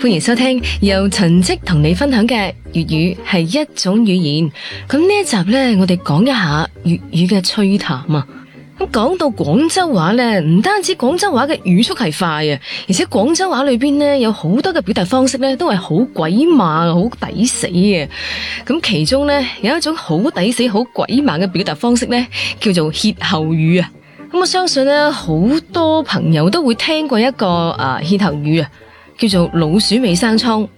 歡迎收聽由陳迹同你分享嘅粵語係一種語言。咁呢一集呢，我哋講一下粵語嘅趣談啊。咁講到廣州話呢，唔單止廣州話嘅語速係快啊，而且廣州話裏邊呢，有好多嘅表達方式呢，都係好鬼馬、好抵死啊。咁其中呢，有一種好抵死、好鬼馬嘅表達方式呢，叫做歇後語啊。咁我相信咧，好多朋友都會聽過一個誒歇後語叫做老鼠尾生瘡。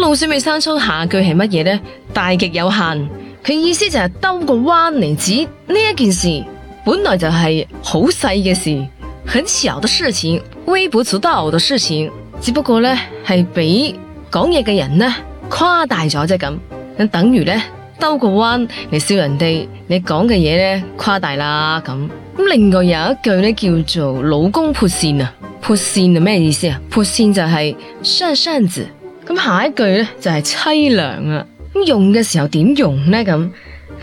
老鼠尾生瘡，下句係乜嘢呢？大極有限。佢意思就係兜個彎嚟指呢一件事，本來就係好細嘅事，很小的事情，微不足道的事情。只不過呢係俾講嘢嘅人呢誇大咗啫咁。咁等於呢，兜個彎嚟笑人哋，你講嘅嘢咧誇大啦咁。另外有一句咧叫做老公撥扇係，撥扇係咩意思啊？撥扇就係扇扇子。咁下一句咧就係凄涼啊。用嘅時候點用呢？咁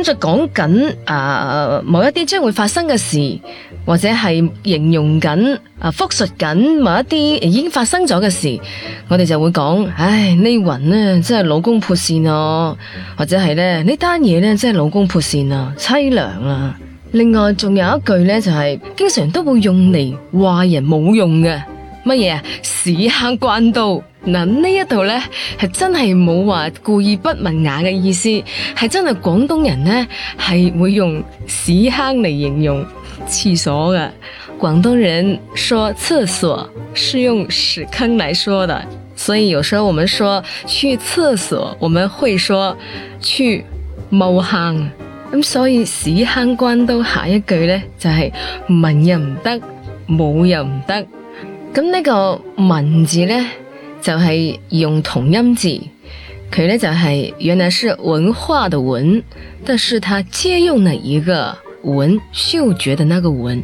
就講緊、啊、某一啲將會發生嘅事，或者係形容緊啊複述緊某一啲已經發生咗嘅事，我哋就會講：唉這云呢云咧真係老公撥扇哦，或者係咧呢單嘢咧真係老公撥扇啊，凄涼啊。另外仲有一句呢，就係、是、經常都會用嚟話人冇用嘅，乜嘢屎坑關刀。嗱呢一度呢係真係冇話故意不文雅嘅意思，係真係廣東人呢係會用屎坑嚟形容廁所嘅。廣東人說廁所是用屎坑來說的，所以有時候我們說去廁所，我們會說去茅坑。咁、嗯、所以屎坑關刀下一句呢，就係、是、文又唔得，武又唔得。咁呢個文字呢，就係、是、用同音字，佢呢，就係、是、原來是文化的文，但是佢借用了一個碗燒煮的那個碗，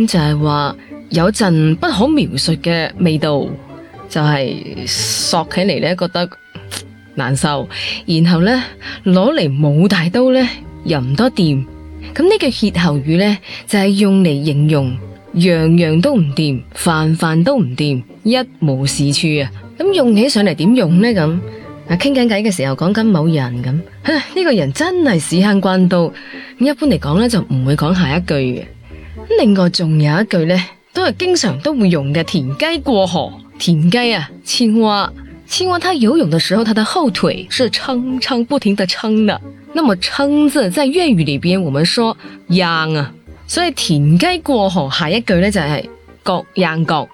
咁就係、是、話有陣不可描述嘅味道，就係嗦起嚟呢覺得難受，然後呢，攞嚟舞大刀呢。又唔多掂，咁呢句歇後語呢，就係、是、用嚟形容樣樣都唔掂，飯飯都唔掂，一無是處啊！咁用起上嚟點用呢？咁啊傾緊偈嘅時候講緊某人咁，呢、這個人真係屎坑關刀，一般嚟講呢，就唔會講下一句嘅。另外仲有一句呢，都係經常都會用嘅。田雞過河，田雞啊，青蛙，青蛙，它游泳的時候，它的後腿是撐撐不停的撐呢。那麼撐字在粵語裏邊，我們說秧啊，所以田雞過河下一句咧就係、是、各秧各，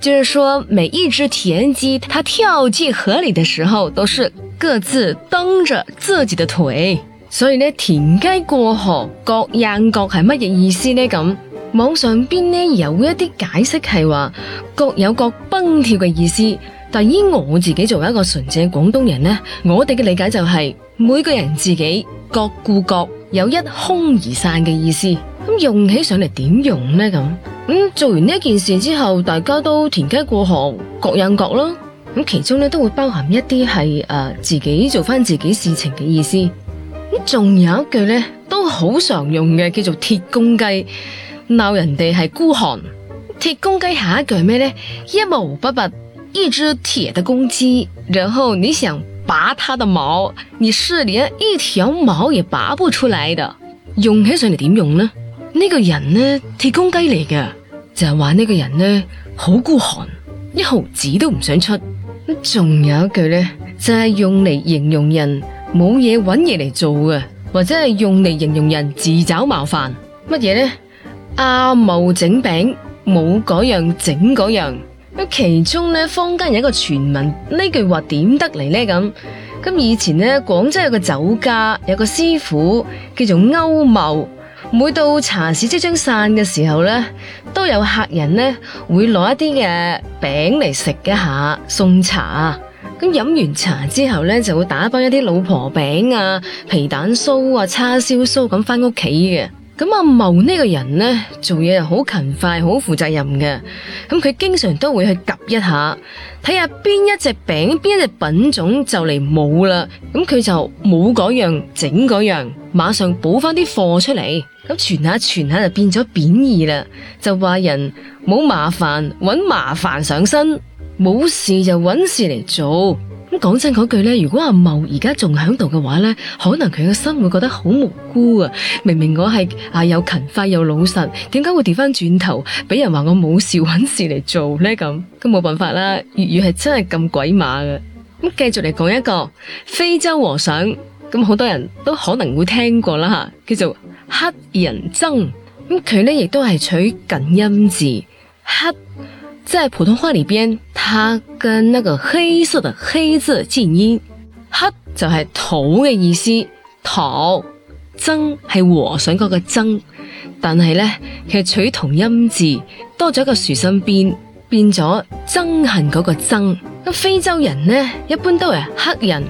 就是說每一隻田雞，它跳進河裏的時候，都是各自蹬着自己的腿。所以呢，田雞過河各秧各係乜嘢意思呢？咁網上邊呢，有一啲解釋係話各有各蹦跳嘅意思。但以我自己作為一個純正廣東人呢，我哋嘅理解就係、是、每個人自己各顧各，有一哄而散嘅意思。咁用起上嚟點用呢？咁、嗯、做完呢件事之後，大家都田雞過河，各人各咯。咁其中都會包含一啲係、呃、自己做翻自己事情嘅意思。咁、嗯、仲有一句呢，都好常用嘅，叫做鐵公雞，鬧人哋係孤寒。鐵公雞下一句咩呢？「一毛不拔。一隻鐵的公雞，然後你想拔它的毛，你是連一條毛也拔不出來的。用起上嚟點用呢？呢、這個人呢鐵公雞嚟嘅，就係話呢個人呢好孤寒，一毫子都唔想出。仲有一句呢，就係、是、用嚟形容人冇嘢揾嘢嚟做嘅，或者係用嚟形容人自找麻煩。乜嘢呢？阿茂整餅，冇嗰樣整嗰樣。其中呢，坊間有一個傳聞，呢句話點得嚟呢？咁以前呢，廣州有個酒家，有個師傅叫做歐茂，每到茶市即將散嘅時候呢，都有客人呢會攞一啲嘅餅嚟食一下送茶。咁飲完茶之後呢，就會打包一啲老婆餅啊、皮蛋酥啊、叉燒酥咁返屋企嘅。咁阿、啊、茂呢個人呢，做嘢又好勤快，好負責任嘅。咁佢經常都會去 𥄫 一下，睇下邊一隻餅，邊一隻品種就嚟冇啦。咁佢就冇嗰樣，整嗰樣，馬上補翻啲貨出嚟。咁傳下傳下就變咗貶義啦，就話人冇麻煩，搵麻煩上身，冇事就搵事嚟做。講真嗰句咧，如果阿茂而家仲喺度嘅話咧，可能佢嘅心會覺得好無辜啊！明明我係啊又勤快又老實，點解會掉翻轉頭俾人話我冇事揾事嚟做咧？咁，咁冇辦法啦！粵語係真係咁鬼馬嘅。咁繼續嚟講一個非洲和尚，咁好多人都可能會聽過啦吓，叫做黑人憎。咁佢咧亦都係取近音字黑。在普通話裏邊，它跟那個黑色的黑字近音，黑就係土嘅意思，陀僧係和尚嗰個僧，但係呢，其實取同音字多咗一個豎心邊，變咗憎恨嗰個憎。咁非洲人呢，一般都係黑人，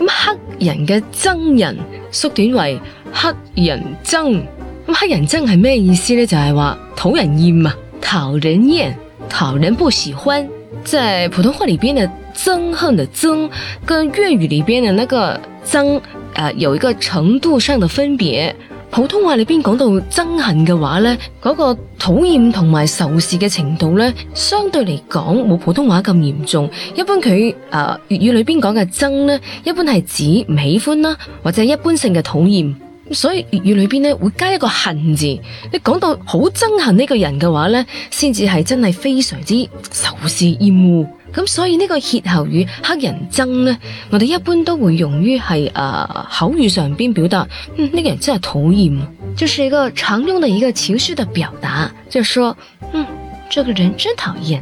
咁黑人嘅憎人縮短為黑人憎，咁黑人憎係咩意思呢？就係、是、話討人厭啊，討人厭。討人不喜歡，在普通話裏邊的憎恨的憎，跟粵語裏邊的那個憎，啊、呃、有一個程度上的分別。普通話裏邊講到憎恨嘅話呢，嗰、那個討厭同埋仇視嘅程度呢，相對嚟講冇普通話咁嚴重。一般佢啊、呃，粵語裏邊講嘅憎呢，一般係指唔喜歡啦，或者一般性嘅討厭。所以粵語裏邊呢，會加一個恨字，你講到好憎恨呢個人嘅話呢，先至係真係非常之仇視厭惡。咁所以呢個歇後語黑人憎呢，我哋一般都會用於係誒口語上邊表達呢、嗯這個人真係討厭。就是一個常用嘅一個情緒嘅表達，就係、是、說嗯，這個人真討厭。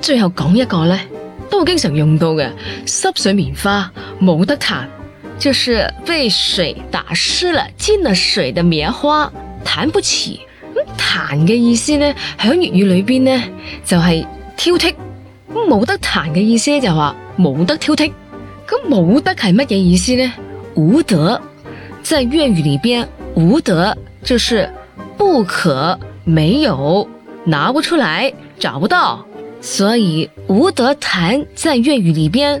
最後講一個呢，都會經常用到嘅，濕水棉花冇得彈。就是被水打濕了、浸了水的棉花彈不起。彈嘅意思呢，喺粵語裏邊呢，就係、是、挑剔。冇得彈嘅意思就話、是、冇得挑剔。咁冇得係乜嘢意思呢？無得，在粵語裏邊，無得就是不可、沒有、拿不出來、找不到。所以無得彈在粵語裏邊。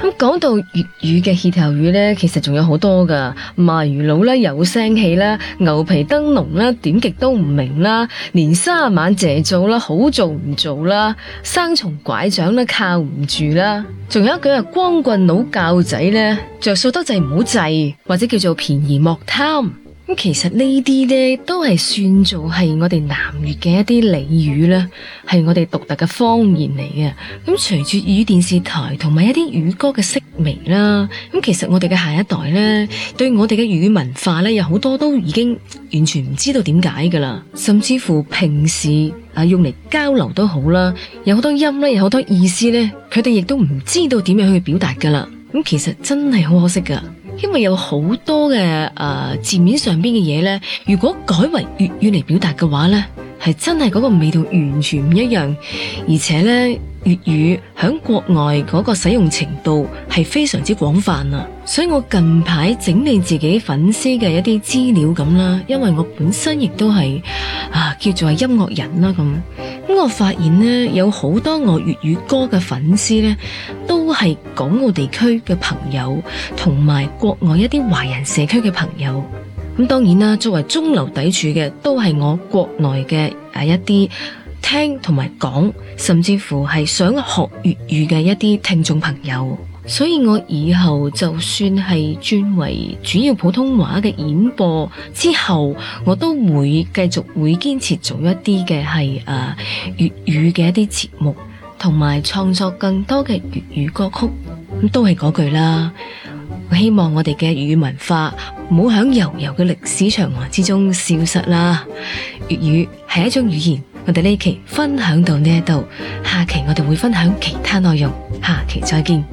咁講到粵語嘅歇後語呢，其實仲有好多㗎，賣魚佬啦，有聲氣啦，牛皮燈籠啦，點極都唔明白啦，連三十晚謝做啦，好做唔做啦，生蟲拐杖都靠唔住啦，仲有一句啊，光棍佬教仔呢，着數得滯唔好滯，或者叫做便宜莫貪。咁其實這些呢啲呢都係算做係我哋南粵嘅一啲俚語啦，係我哋獨特嘅方言嚟嘅。咁隨住粵語電視台同埋一啲粵語歌嘅式微啦，咁其實我哋嘅下一代呢，對我哋嘅粵語文化呢，有好多都已經完全唔知道點解㗎喇，甚至乎平時啊用嚟交流都好啦，有好多音呢，有好多意思呢，佢哋亦都唔知道點樣去表達㗎喇。咁其實真係好可惜㗎。因為有好多嘅、呃、字面上邊嘅嘢咧，如果改為粵語嚟表達嘅話咧。係真係嗰個味道完全唔一樣，而且呢，粵語喺國外嗰個使用程度係非常之廣泛啊！所以我近排整理自己粉絲嘅一啲資料咁啦，因為我本身亦都係啊叫做係音樂人啦咁，咁我發現呢，有好多我粵語歌嘅粉絲呢，都係港澳地區嘅朋友，同埋國外一啲華人社區嘅朋友。咁當然啦，作為中流砥柱嘅，都係我國內嘅誒一啲聽同埋講，甚至乎係想學粵語嘅一啲聽眾朋友。所以我以後就算係轉為主要普通話嘅演播之後，我都會繼續會堅持做一啲嘅係誒粵語嘅一啲節目，同埋創作更多嘅粵語歌曲。咁都係嗰句啦。我希望我哋嘅粵語文化唔好喺悠悠嘅歷史長河之中消失啦！粵語係一種語言，我哋呢期分享到呢一度，下期我哋會分享其他內容，下期再見。